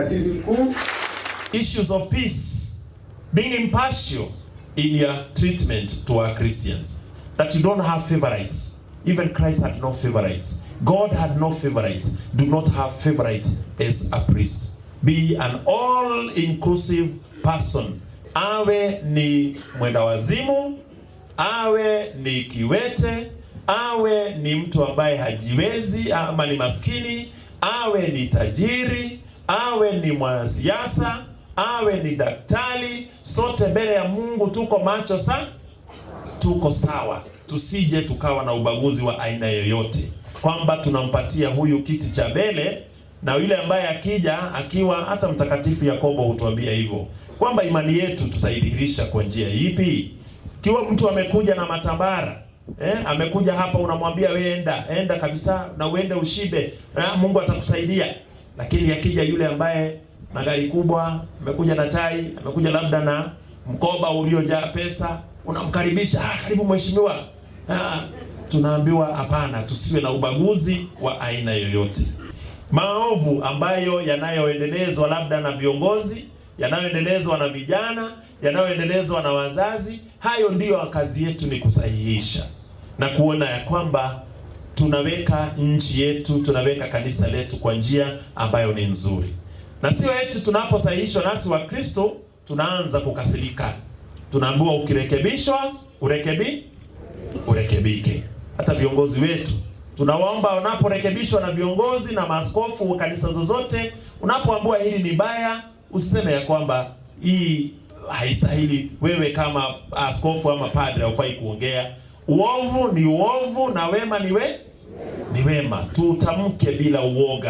kasisi mkuu. Issues of peace being impartial in your treatment to our Christians that you don't have favorites. Even Christ had no favorites. God had no favorites. Do not have favorites as a priest. Be an all-inclusive person. Awe ni mwenda wazimu, awe ni kiwete, awe ni mtu ambaye hajiwezi ama ni maskini, awe ni tajiri, awe ni mwanasiasa, awe ni daktari, sote mbele ya Mungu tuko macho sa tuko sawa, tusije tukawa na ubaguzi wa aina yoyote, kwamba tunampatia huyu kiti cha mbele na yule ambaye akija akiwa hata Mtakatifu Yakobo hutuambia hivyo kwamba imani yetu tutaidhihirisha kwa njia ipi? Kiwa mtu amekuja na matambara eh, amekuja hapa, unamwambia wenda enda enda kabisa, na uende ushibe eh, Mungu atakusaidia lakini akija yule ambaye na gari kubwa, amekuja na tai, amekuja labda na mkoba uliojaa pesa, unamkaribisha ah, karibu mheshimiwa. Ah, tunaambiwa hapana, tusiwe na ubaguzi wa aina yoyote. Maovu ambayo yanayoendelezwa labda na viongozi, yanayoendelezwa na vijana, yanayoendelezwa na wazazi, hayo ndiyo kazi yetu ni kusahihisha na kuona ya kwamba tunaweka nchi yetu, tunaweka kanisa letu kwa njia ambayo ni nzuri, na sio eti tunaposahihishwa nasi wa Kristo tunaanza kukasirika. Tunaambiwa ukirekebishwa urekebi urekebike. Hata viongozi wetu tunawaomba unaporekebishwa na viongozi na maaskofu wa kanisa zozote, unapoambiwa hili ni baya, usiseme ya kwamba hii haistahili, wewe kama askofu ama padre haufai kuongea Uovu ni uovu na wema ni we? Wema. Ni wema, tutamke bila uoga.